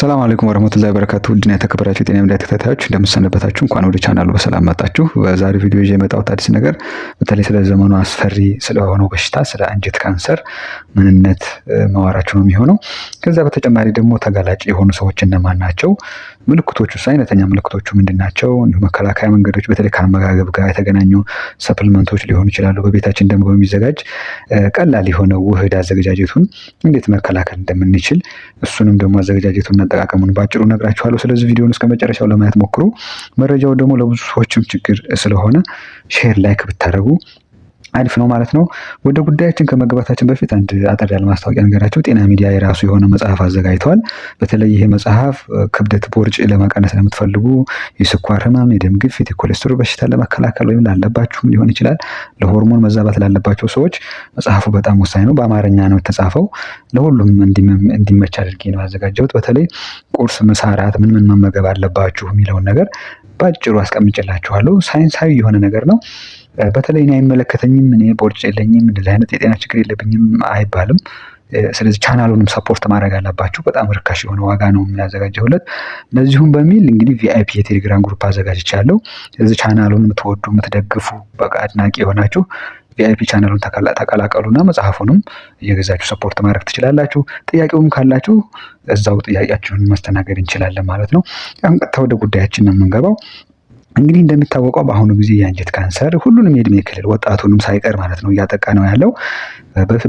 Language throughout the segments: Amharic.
ሰላም አለይኩም ወረመቱላሂ በረካቱ ውድና የተከበራችሁ የጤና ሚዲያ ተከታታዮች እንደምሰነበታችሁ፣ እንኳን ወደ ቻናሉ በሰላም መጣችሁ። በዛሬው ቪዲዮ ይዤ የመጣሁት አዲስ ነገር በተለይ ስለ ዘመኑ አስፈሪ ስለሆነው በሽታ ስለ አንጀት ካንሰር ምንነት ማዋራችሁ ነው የሚሆነው። ከዛ በተጨማሪ ደግሞ ተጋላጭ የሆኑ ሰዎች እነማን ናቸው፣ ምልክቶቹ ውስጥ አይነተኛ ምልክቶቹ ምንድን ናቸው? እንዲሁ መከላከያ መንገዶች በተለይ ከአመጋገብ ጋር የተገናኙ ሰፕልመንቶች ሊሆኑ ይችላሉ። በቤታችን ደግሞ በሚዘጋጅ ቀላል የሆነ ውህድ አዘገጃጀቱን እንዴት መከላከል እንደምንችል እሱንም ደግሞ አዘገጃጀቱን አጠቃቀሙን በአጭሩ ነግራችኋለሁ። ስለዚህ ቪዲዮን እስከ መጨረሻው ለማየት ሞክሩ። መረጃው ደግሞ ለብዙ ሰዎችም ችግር ስለሆነ ሼር ላይክ ብታደርጉ አሪፍ ነው ማለት ነው። ወደ ጉዳያችን ከመግባታችን በፊት አንድ አጠር ያለ ማስታወቂያ ነገራቸው። ጤና ሚዲያ የራሱ የሆነ መጽሐፍ አዘጋጅተዋል። በተለይ ይሄ መጽሐፍ ክብደት፣ ቦርጭ ለመቀነስ ለምትፈልጉ፣ የስኳር ህመም፣ የደም ግፊት፣ የኮሌስትሮል በሽታ ለመከላከል ወይም ላለባችሁም ሊሆን ይችላል፣ ለሆርሞን መዛባት ላለባቸው ሰዎች መጽሐፉ በጣም ወሳኝ ነው። በአማርኛ ነው የተጻፈው። ለሁሉም እንዲመች አድርጌ ነው ያዘጋጀሁት። በተለይ ቁርስ፣ ምሳ፣ ራት ምን ምን መመገብ አለባችሁ የሚለውን ነገር በአጭሩ አስቀምጭላችኋለሁ። ሳይንሳዊ የሆነ ነገር ነው። በተለይ እኔ አይመለከተኝም፣ እኔ ቦርጭ የለኝም፣ እንደዚህ አይነት የጤና ችግር የለብኝም አይባልም። ስለዚህ ቻናሉንም ሰፖርት ማድረግ አለባችሁ። በጣም ርካሽ የሆነ ዋጋ ነው የምናዘጋጀውለት። እንደዚሁም በሚል እንግዲህ ቪአይፒ የቴሌግራም ግሩፕ አዘጋጅቻለሁ። ስለዚህ ቻናሉን የምትወዱ የምትደግፉ፣ በቃ አድናቂ የሆናችሁ ቪአይፒ ቻናሉን ተቀላቀሉና መጽሐፉንም እየገዛችሁ ሰፖርት ማድረግ ትችላላችሁ። ጥያቄውም ካላችሁ እዛው ጥያቄያችሁን ማስተናገድ እንችላለን ማለት ነው። ቀጥታ ወደ ጉዳያችን ነው የምንገባው። እንግዲህ እንደሚታወቀው በአሁኑ ጊዜ የአንጀት ካንሰር ሁሉንም የእድሜ ክልል ወጣቱንም ሳይቀር ማለት ነው እያጠቃ ነው ያለው።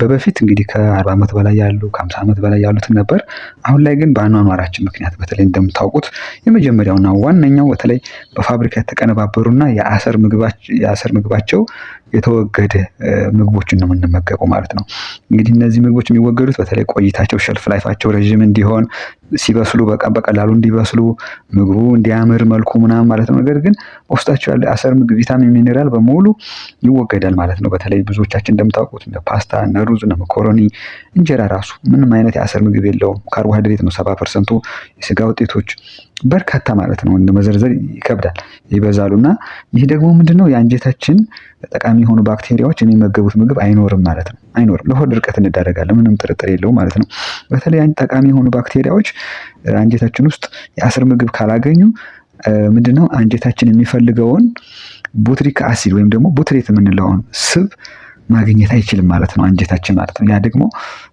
በበፊት እንግዲህ ከአርባ ዓመት በላይ ያሉ ከአምሳ ዓመት በላይ ያሉትን ነበር። አሁን ላይ ግን በአኗኗራችን ምክንያት በተለይ እንደምታውቁት የመጀመሪያውና ዋነኛው በተለይ በፋብሪካ የተቀነባበሩና የአሰር ምግባቸው የተወገደ ምግቦችን ነው የምንመገበው ማለት ነው። እንግዲህ እነዚህ ምግቦች የሚወገዱት በተለይ ቆይታቸው ሸልፍ ላይፋቸው ረዥም እንዲሆን ሲበስሉ በቀላሉ እንዲበስሉ ምግቡ እንዲያምር መልኩ ምናምን ማለት ነው። ነገር ግን በውስጣቸው ያለ አሰር ምግብ ቪታሚን፣ ሚኔራል በሙሉ ይወገዳል ማለት ነው። በተለይ ብዙዎቻችን እንደምታውቁት ፓስታ እነ ሩዝ እነ መኮረኒ፣ እንጀራ ራሱ ምንም አይነት የአሰር ምግብ የለውም። ካርቦሃይድሬት ነው ሰባ ፐርሰንቱ። የስጋ ውጤቶች በርካታ ማለት ነው፣ መዘርዘር ይከብዳል፣ እና ይህ ደግሞ ምንድነው የአንጀታችን ጠቃሚ የሆኑ ባክቴሪያዎች የሚመገቡት ምግብ አይኖርም ማለት ነው። አይኖርም፣ ለሆድ ድርቀት እንዳረጋለን፣ ምንም ጥርጥር የለውም ማለት ነው። በተለይ ጠቃሚ የሆኑ ባክቴሪያዎች አንጀታችን ውስጥ የአስር ምግብ ካላገኙ ምንድነው አንጀታችን የሚፈልገውን ቡትሪክ አሲድ ወይም ደግሞ ቡትሬት የምንለውን ስብ ማግኘት አይችልም ማለት ነው አንጀታችን ማለት ነው። ያ ደግሞ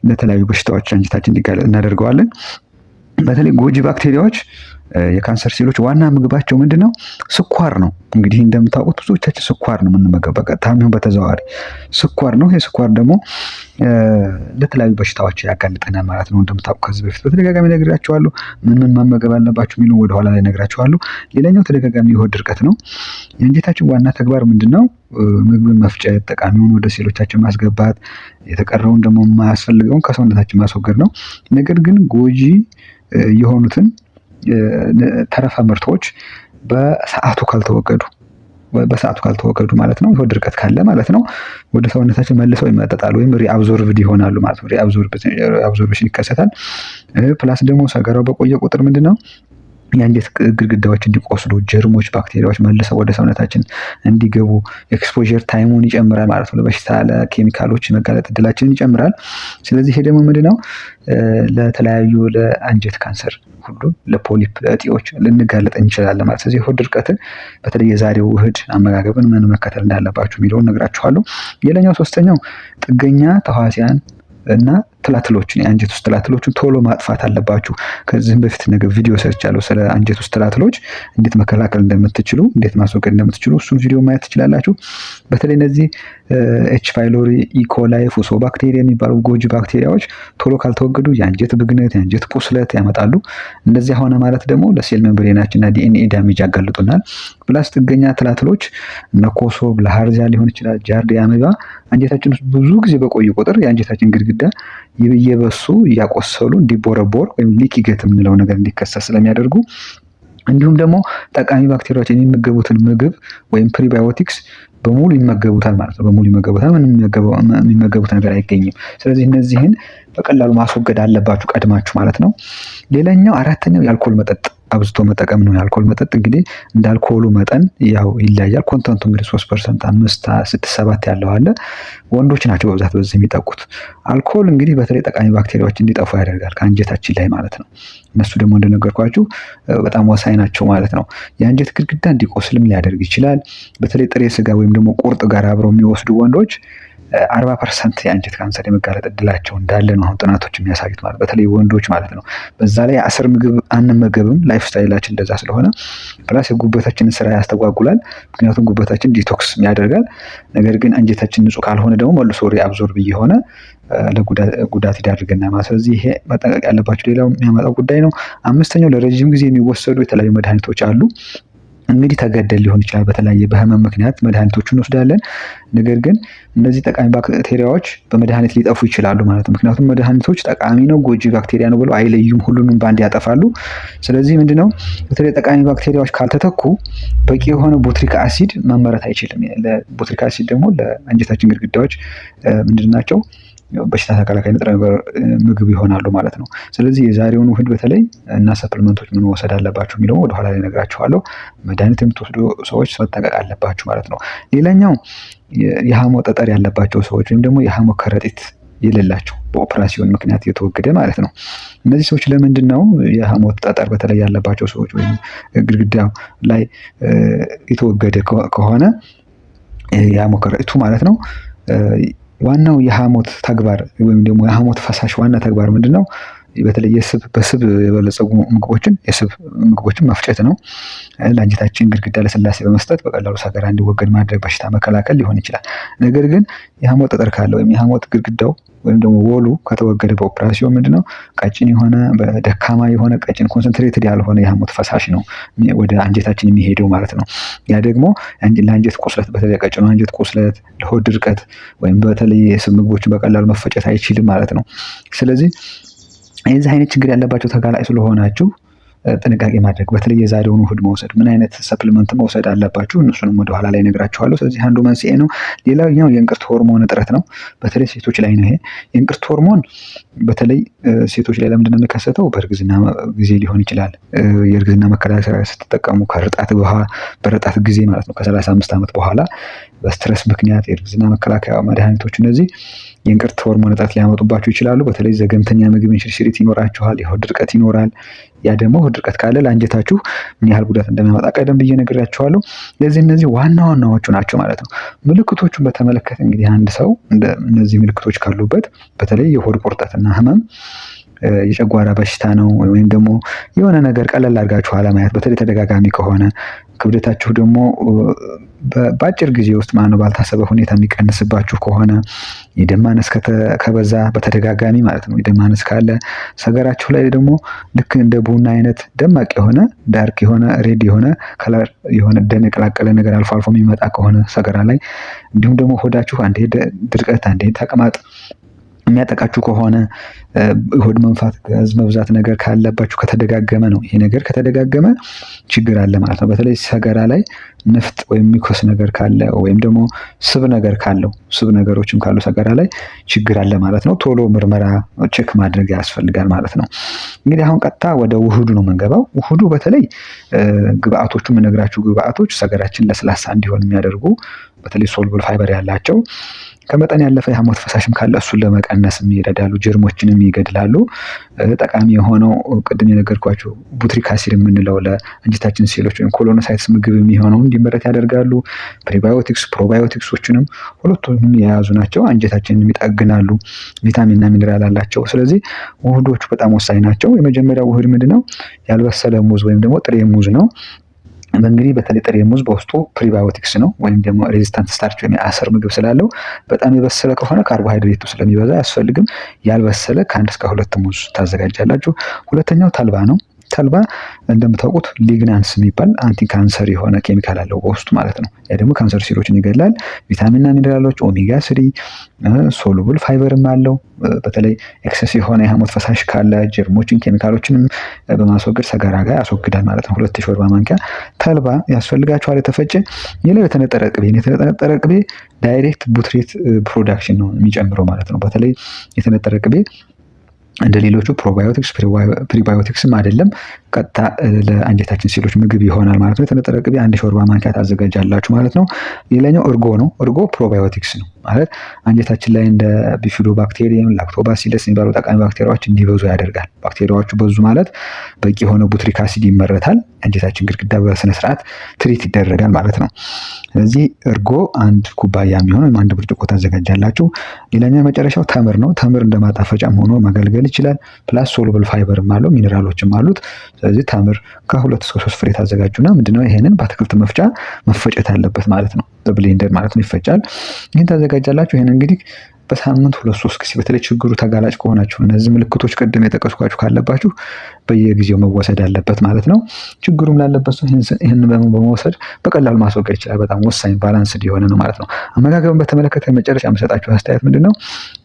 ለተለያዩ በሽታዎች አንጀታችን እንዲጋለጥ እናደርገዋለን። በተለይ ጎጂ ባክቴሪያዎች የካንሰር ሴሎች ዋና ምግባቸው ምንድን ነው? ስኳር ነው። እንግዲህ እንደምታውቁት ብዙዎቻችን ስኳር ነው የምንመገብ፣ በቀጥታ ይሁን በተዘዋዋሪ ስኳር ነው። ይህ ስኳር ደግሞ ለተለያዩ በሽታዎች ያጋልጠናል ማለት ነው። እንደምታውቁ ከዚህ በፊት በተደጋጋሚ ነግራችኋለሁ፣ ምን ምን መመገብ አለባችሁ የሚሉ ወደኋላ ላይ ነግራችኋለሁ። ሌላኛው ተደጋጋሚ የሆድ ድርቀት ነው። የእንጀታችን ዋና ተግባር ምንድን ነው? ምግብን መፍጨት፣ ጠቃሚውን ወደ ሴሎቻችን ማስገባት፣ የተቀረውን ደግሞ የማያስፈልገውን ከሰውነታችን ማስወገድ ነው። ነገር ግን ጎጂ የሆኑትን ተረፈ ምርቶች በሰዓቱ ካልተወገዱ በሰዓቱ ካልተወገዱ ማለት ነው። ድርቀት ካለ ማለት ነው ወደ ሰውነታችን መልሰው ይመጠጣሉ ወይም ሪአብዞርቭድ ይሆናሉ ማለት ነው። ሪአብዞርቬሽን ይከሰታል። ፕላስ ደግሞ ሰገራው በቆየ ቁጥር ምንድን ነው የአንጀት ግድግዳዎች እንዲቆስሉ ጀርሞች፣ ባክቴሪያዎች መልሰው ወደ ሰውነታችን እንዲገቡ ኤክስፖዠር ታይሙን ይጨምራል ማለት ነው። ለበሽታ ለኬሚካሎች መጋለጥ እድላችንን ይጨምራል። ስለዚህ ይሄ ደግሞ ምንድን ነው ለተለያዩ ለአንጀት ካንሰር ሁሉ ለፖሊፕ እጢዎች ልንጋለጥ እንችላለን ማለት ስለዚህ ሆድ ድርቀትን በተለይ የዛሬው ውህድ አመጋገብን ምን መከተል እንዳለባችሁ የሚለውን ነግራችኋለሁ። ሌላኛው ሶስተኛው ጥገኛ ተዋሲያን እና ትላትሎችን የአንጀት ውስጥ ትላትሎችን ቶሎ ማጥፋት አለባችሁ። ከዚህም በፊት ነገር ቪዲዮ ሰርቻለሁ ስለ አንጀት ውስጥ ትላትሎች እንዴት መከላከል እንደምትችሉ፣ እንዴት ማስወገድ እንደምትችሉ እሱን ቪዲዮ ማየት ትችላላችሁ። በተለይ እነዚህ ኤች ፋይሎሪ፣ ኢኮላይ፣ ፉሶ ባክቴሪያ የሚባሉ ጎጂ ባክቴሪያዎች ቶሎ ካልተወገዱ የአንጀት ብግነት፣ የአንጀት ቁስለት ያመጣሉ። እንደዚያ ሆነ ማለት ደግሞ ለሴል መምብሬናችንና ዲኤንኤ ዳሜጅ ያጋልጡናል። ፕላስ ጥገኛ ትላትሎች እነ ኮሶ ብላሃርዚያ ሊሆን ይችላል፣ ጃርዲያ አሜባ አንጀታችን ውስጥ ብዙ ጊዜ በቆዩ ቁጥር የአንጀታችን ግድግዳ እየበሱ እያቆሰሉ እንዲቦረቦር ወይም ሊኪገት የምንለው ነገር እንዲከሰት ስለሚያደርጉ እንዲሁም ደግሞ ጠቃሚ ባክቴሪያዎች የሚመገቡትን ምግብ ወይም ፕሪባዮቲክስ በሙሉ ይመገቡታል ማለት ነው። በሙሉ ይመገቡታል። ምንም የሚመገቡት ነገር አይገኝም። ስለዚህ እነዚህን በቀላሉ ማስወገድ አለባችሁ ቀድማችሁ ማለት ነው። ሌላኛው አራተኛው የአልኮል መጠጥ አብዝቶ መጠቀም ነው። የአልኮል መጠጥ እንግዲህ እንደ አልኮሉ መጠን ያው ይለያያል። ኮንተንቱ እንግዲህ ሶስት ፐርሰንት፣ አምስት፣ ስድስት፣ ሰባት ያለው አለ። ወንዶች ናቸው በብዛት በዚህ የሚጠቁት። አልኮል እንግዲህ በተለይ ጠቃሚ ባክቴሪያዎች እንዲጠፉ ያደርጋል ከአንጀታችን ላይ ማለት ነው። እነሱ ደግሞ እንደነገርኳችሁ በጣም ወሳኝ ናቸው ማለት ነው። የአንጀት ግድግዳ እንዲቆስልም ሊያደርግ ይችላል። በተለይ ጥሬ ስጋ ወይም ደግሞ ቁርጥ ጋር አብረው የሚወስዱ ወንዶች አርባ ፐርሰንት የአንጀት ካንሰር የመጋለጥ እድላቸው እንዳለ ነው አሁን ጥናቶች የሚያሳዩት ማለት በተለይ ወንዶች ማለት ነው። በዛ ላይ አስር ምግብ አንመገብም ላይፍ ስታይላችን እንደዛ ስለሆነ ፕላስ የጉበታችንን ስራ ያስተጓጉላል። ምክንያቱም ጉበታችን ዲቶክስ ያደርጋል። ነገር ግን አንጀታችን ንጹህ ካልሆነ ደግሞ መልሶ ሪአብዞርብ እየሆነ ለጉዳት ይዳርገናል ማለት ስለዚህ ይሄ መጠንቀቅ ያለባቸው ሌላው የሚያመጣው ጉዳይ ነው። አምስተኛው ለረዥም ጊዜ የሚወሰዱ የተለያዩ መድኃኒቶች አሉ። እንግዲህ ተገደል ሊሆን ይችላል በተለያየ በህመም ምክንያት መድኃኒቶቹ እንወስዳለን። ነገር ግን እነዚህ ጠቃሚ ባክቴሪያዎች በመድኃኒት ሊጠፉ ይችላሉ ማለት ነው። ምክንያቱም መድኃኒቶች ጠቃሚ ነው፣ ጎጂ ባክቴሪያ ነው ብለው አይለዩም፣ ሁሉንም በአንድ ያጠፋሉ። ስለዚህ ምንድነው በተለይ ጠቃሚ ባክቴሪያዎች ካልተተኩ በቂ የሆነ ቦትሪክ አሲድ መመረት አይችልም። ቦትሪክ አሲድ ደግሞ ለአንጀታችን ግድግዳዎች ምንድን ናቸው በሽታ ተከላካይ ንጥረ ነገር ምግብ ይሆናሉ ማለት ነው። ስለዚህ የዛሬውን ውህድ በተለይ እና ሰፕልመንቶች ምን መውሰድ አለባቸው የሚለው ወደኋላ ላይ ነግራችኋለሁ። መድኃኒት የምትወስዱ ሰዎች መጠንቀቅ አለባችሁ ማለት ነው። ሌላኛው የሃሞ ጠጠር ያለባቸው ሰዎች ወይም ደግሞ የሃሞ ከረጢት የሌላቸው በኦፕራሲዮን ምክንያት የተወገደ ማለት ነው። እነዚህ ሰዎች ለምንድን ነው የሃሞት ጠጠር በተለይ ያለባቸው ሰዎች ወይም ግድግዳ ላይ የተወገደ ከሆነ የሐሞት ከረጢቱ ማለት ነው ዋናው የሐሞት ተግባር ወይም ደግሞ የሐሞት ፈሳሽ ዋና ተግባር ምንድን ነው? በተለይ የስብ በስብ የበለጸጉ ምግቦችን የስብ ምግቦችን መፍጨት ነው። ለአንጀታችን ግድግዳ ለስላሴ በመስጠት በቀላሉ ሰገራ እንዲወገድ ማድረግ፣ በሽታ መከላከል ሊሆን ይችላል። ነገር ግን የሐሞት ጠጠር ካለ ወይም የሐሞት ግድግዳው ወይም ደግሞ ወሉ ከተወገደ በኦፕራሲዮን ምንድነው ቀጭን የሆነ ደካማ የሆነ ቀጭን ኮንሰንትሬትድ ያልሆነ የሐሞት ፈሳሽ ነው ወደ አንጀታችን የሚሄደው ማለት ነው። ያ ደግሞ ለአንጀት ቁስለት በተለይ ቀጭኑ አንጀት ቁስለት፣ ለሆድ ድርቀት ወይም በተለይ የስብ ምግቦችን በቀላሉ መፈጨት አይችልም ማለት ነው። ስለዚህ የዚህ አይነት ችግር ያለባቸው ተጋላጭ ስለሆናችሁ ጥንቃቄ ማድረግ በተለይ የዛሬውን ውህድ መውሰድ ምን አይነት ሰፕሊመንት መውሰድ አለባችሁ፣ እነሱንም ወደ ኋላ ላይ ነግራችኋለሁ። ስለዚህ አንዱ መንስኤ ነው። ሌላኛው የእንቅርት ሆርሞን እጥረት ነው። በተለይ ሴቶች ላይ ነው ይሄ የእንቅርት ሆርሞን። በተለይ ሴቶች ላይ ለምንድን ነው የሚከሰተው? በእርግዝና ጊዜ ሊሆን ይችላል። የእርግዝና መከላከያ ስትጠቀሙ ከርጣት በርጣት ጊዜ ማለት ነው ከሰላሳ አምስት ዓመት በኋላ በስትረስ ምክንያት የእርግዝና መከላከያ መድኃኒቶች እነዚህ የእንቅርት ሆርሞን እጥረት ሊያመጡባቸው ይችላሉ። በተለይ ዘገምተኛ ምግብ እንሽርሽሪት ይኖራችኋል፣ የሆድ ድርቀት ይኖራል። ያ ደግሞ ሆድ ድርቀት ካለ ለአንጀታችሁ ምን ያህል ጉዳት እንደሚያመጣ ቀደም ብዬ ነግሬያችኋለሁ። ለዚህ እነዚህ ዋና ዋናዎቹ ናቸው ማለት ነው። ምልክቶቹን በተመለከተ እንግዲህ አንድ ሰው እነዚህ ምልክቶች ካሉበት በተለይ የሆድ ቁርጠትና ህመም የጨጓራ በሽታ ነው ወይም ደግሞ የሆነ ነገር ቀለል አድርጋችሁ አለማየት በተለይ ተደጋጋሚ ከሆነ ክብደታችሁ ደግሞ በአጭር ጊዜ ውስጥ ማነው ባልታሰበ ሁኔታ የሚቀንስባችሁ ከሆነ የደም ማነስ ከበዛ በተደጋጋሚ ማለት ነው። የደም ማነስ ካለ ሰገራችሁ ላይ ደግሞ ልክ እንደ ቡና አይነት ደማቅ የሆነ ዳርክ የሆነ ሬድ የሆነ ከለር የሆነ ደም የቀላቀለ ነገር አልፎ አልፎ የሚመጣ ከሆነ ሰገራ ላይ እንዲሁም ደግሞ ሆዳችሁ አንዴ ድርቀት፣ አንዴ ተቅማጥ የሚያጠቃችሁ ከሆነ ሆድ መንፋት፣ ጋዝ መብዛት ነገር ካለባችሁ ከተደጋገመ ነው። ይሄ ነገር ከተደጋገመ ችግር አለ ማለት ነው። በተለይ ሰገራ ላይ ንፍጥ ወይም ሚኮስ ነገር ካለ ወይም ደግሞ ስብ ነገር ካለው ስብ ነገሮችም ካሉ ሰገራ ላይ ችግር አለ ማለት ነው። ቶሎ ምርመራ ቼክ ማድረግ ያስፈልጋል ማለት ነው። እንግዲህ አሁን ቀጥታ ወደ ውህዱ ነው የምንገባው። ውህዱ በተለይ ግብአቶቹ የምነግራችሁ ግብአቶች ሰገራችን ለስላሳ እንዲሆን የሚያደርጉ በተለይ ሶልቡል ፋይበር ያላቸው ከመጠን ያለፈ የሐሞት ፈሳሽም ካለ እሱን ለመቀነስም ይረዳሉ። ጀርሞችንም ይገድላሉ። ጠቃሚ የሆነው ቅድም የነገርኳቸው ቡትሪክ አሲድ የምንለው ለእንጅታችን ሴሎች ወይም ኮሎኖሳይትስ ምግብ የሚሆነው እንዲመረት ያደርጋሉ። ፕሪባዮቲክስ፣ ፕሮባዮቲክሶችንም ሁለቱንም የያዙ ናቸው። አንጀታችንን ይጠግናሉ። ቪታሚንና ሚኒራል አላቸው። ስለዚህ ውህዶቹ በጣም ወሳኝ ናቸው። የመጀመሪያው ውህድ ነው? ያልበሰለ ሙዝ ወይም ደግሞ ጥሬ ሙዝ ነው። እንግዲህ በተለይ ጥሬ ሙዝ በውስጡ ፕሪባዮቲክስ ነው ወይም ደግሞ ሬዚስታንት ስታርች ወይም የአሰር ምግብ ስላለው በጣም የበሰለ ከሆነ ካርቦሃይድሬቱ ስለሚበዛ አያስፈልግም። ያልበሰለ ከአንድ እስከ ሁለት ሙዝ ታዘጋጃላችሁ። ሁለተኛው ተልባ ነው። ተልባ እንደምታውቁት ሊግናንስ የሚባል አንቲ ካንሰር የሆነ ኬሚካል አለው በውስጡ ማለት ነው። ያ ደግሞ ካንሰር ሴሎችን ይገላል። ቪታሚንና ሚኔራሎች፣ ኦሜጋ ስሪ፣ ሶሉብል ፋይበርም አለው። በተለይ ኤክሰስ የሆነ የሐሞት ፈሳሽ ካለ ጀርሞችን፣ ኬሚካሎችንም በማስወገድ ሰጋራ ጋር ያስወግዳል ማለት ነው። ሁለት ሾርባ ማንኪያ ተልባ ያስፈልጋቸዋል። የተፈጨ ሌላው የተነጠረ ቅቤ የተነጠረ ቅቤ ዳይሬክት ቡትሬት ፕሮዳክሽን ነው የሚጨምረው ማለት ነው። በተለይ የተነጠረ ቅቤ እንደ ሌሎቹ ፕሮባዮቲክስ ፕሪባዮቲክስም አይደለም። ቀጥታ ለአንጀታችን ሴሎች ምግብ ይሆናል ማለት ነው። የተነጠረ ቅቤ አንድ ሾርባ ማንኪያ ታዘጋጃላችሁ ማለት ነው። ሌላኛው እርጎ ነው። እርጎ ፕሮባዮቲክስ ነው። ማለት አንጀታችን ላይ እንደ ቢፊዶ ባክቴሪየም፣ ላክቶባሲለስ የሚባሉ ጠቃሚ ባክቴሪያዎች እንዲበዙ ያደርጋል። ባክቴሪያዎቹ በዙ ማለት በቂ የሆነ ቡትሪክ አሲድ ይመረታል። አንጀታችን ግድግዳ በስነስርዓት ትሪት ይደረጋል ማለት ነው። ስለዚህ እርጎ አንድ ኩባያ የሚሆን ወይም አንድ ብርጭቆ ታዘጋጃላችሁ። ሌላኛ መጨረሻው ተምር ነው። ተምር እንደ ማጣፈጫም ሆኖ መገልገል ይችላል። ፕላስ ሶሉብል ፋይበርም አለው ሚኔራሎችም አሉት። ስለዚህ ተምር ከሁለት እስከ ሶስት ፍሬ ታዘጋጁና ምንድነው ይሄንን በአትክልት መፍጫ መፈጨት አለበት ማለት ነው። ብሌንደር ማለት ነው ይፈጫል። ይህን ታዘጋጃላችሁ። ይህን እንግዲህ በሳምንት ሁለት ሶስት ጊዜ በተለይ ችግሩ ተጋላጭ ከሆናችሁ እነዚህ ምልክቶች ቅድም የጠቀስኳችሁ ካለባችሁ በየጊዜው መወሰድ አለበት ማለት ነው። ችግሩም ላለበት ሰው ይህን በመወሰድ በቀላሉ ማስወገድ ይችላል። በጣም ወሳኝ ባላንስ የሆነ ነው ማለት ነው። አመጋገብን በተመለከተ መጨረሻ የምሰጣችሁ አስተያየት ምንድን ነው?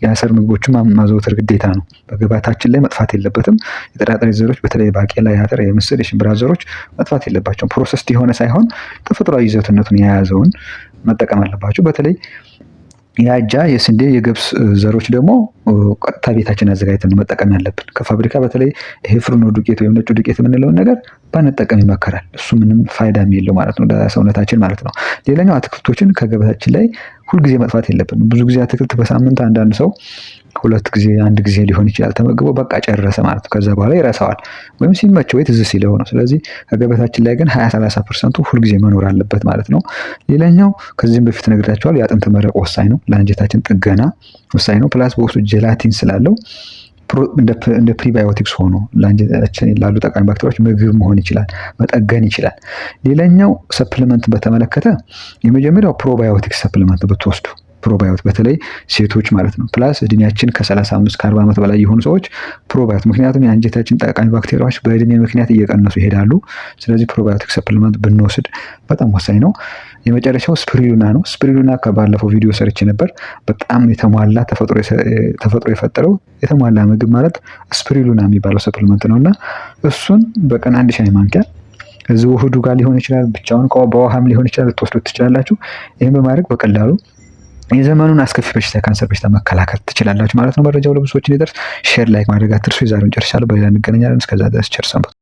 የአሰር ምግቦችን ማዘውተር ግዴታ ነው። በግብአታችን ላይ መጥፋት የለበትም። የጥራጥሬ ዘሮች በተለይ ባቄላ፣ የአተር፣ የምስር፣ የሽምብራ ዘሮች መጥፋት የለባቸውም። ፕሮሰስድ የሆነ ሳይሆን ተፈጥሯዊ ይዘትነቱን የያዘውን መጠቀም አለባቸው በተለይ የአጃ የስንዴ የገብስ ዘሮች ደግሞ ቀጥታ ቤታችን አዘጋጅተን መጠቀም ያለብን። ከፋብሪካ በተለይ ይሄ ፍርኖ ዱቄት ወይም ነጩ ዱቄት የምንለውን ነገር ባንጠቀም ይመከራል። እሱ ምንም ፋይዳም የለው ማለት ነው ለሰውነታችን ማለት ነው። ሌላኛው አትክልቶችን ከገበታችን ላይ ሁልጊዜ መጥፋት የለብን። ብዙ ጊዜ አትክልት በሳምንት አንዳንድ ሰው ሁለት ጊዜ አንድ ጊዜ ሊሆን ይችላል ተመግቦ በቃ ጨረሰ ማለት ነው። ከዛ በኋላ ይረሳዋል ወይም ሲመቸው ወይ ትዝ ሲለው ነው። ስለዚህ ከገበታችን ላይ ግን ሀያ ሰላሳ ፐርሰንቱ ሁልጊዜ መኖር አለበት ማለት ነው። ሌላኛው ከዚህም በፊት ነግሬያቸዋለሁ የአጥንት መረቅ ወሳኝ ነው፣ ለአንጀታችን ጥገና ወሳኝ ነው። ፕላስ በውስጡ ጀላቲን ስላለው እንደ ፕሪባዮቲክስ ሆኖ ለአንጀታችን ላሉ ጠቃሚ ባክቴሪያዎች ምግብ መሆን ይችላል፣ መጠገን ይችላል። ሌላኛው ሰፕሊመንት በተመለከተ የመጀመሪያው ፕሮባዮቲክስ ሰፕሊመንት ብትወስዱ ፕሮባዮት በተለይ ሴቶች ማለት ነው። ፕላስ እድሜያችን ከ35 ከ40 ዓመት በላይ የሆኑ ሰዎች ፕሮባዮት፣ ምክንያቱም የአንጀታችን ጠቃሚ ባክቴሪያዎች በእድሜ ምክንያት እየቀነሱ ይሄዳሉ። ስለዚህ ፕሮባዮቲክ ሰፕልመንት ብንወስድ በጣም ወሳኝ ነው። የመጨረሻው ስፕሪሉና ነው። ስፕሪሉና ከባለፈው ቪዲዮ ሰርች ነበር። በጣም የተሟላ ተፈጥሮ የፈጠረው የተሟላ ምግብ ማለት ስፕሪሉና የሚባለው ሰፕልመንት ነው እና እሱን በቀን አንድ ሻይ ማንኪያ እዚሁ ውህዱ ጋር ሊሆን ይችላል፣ ብቻውን በውሃም ሊሆን ይችላል፣ ልትወስዱት ትችላላችሁ። ይህም በማድረግ በቀላሉ የዘመኑን አስከፊ በሽታ ካንሰር በሽታ መከላከል ትችላላችሁ ማለት ነው። መረጃው ለብዙዎች እንዲደርስ ሼር፣ ላይክ ማድረግ አትርሱ። የዛሬውን ጨርሻለሁ። በሌላ እንገናኛለን። እስከዛ ድረስ ቸር ሰንብቱ።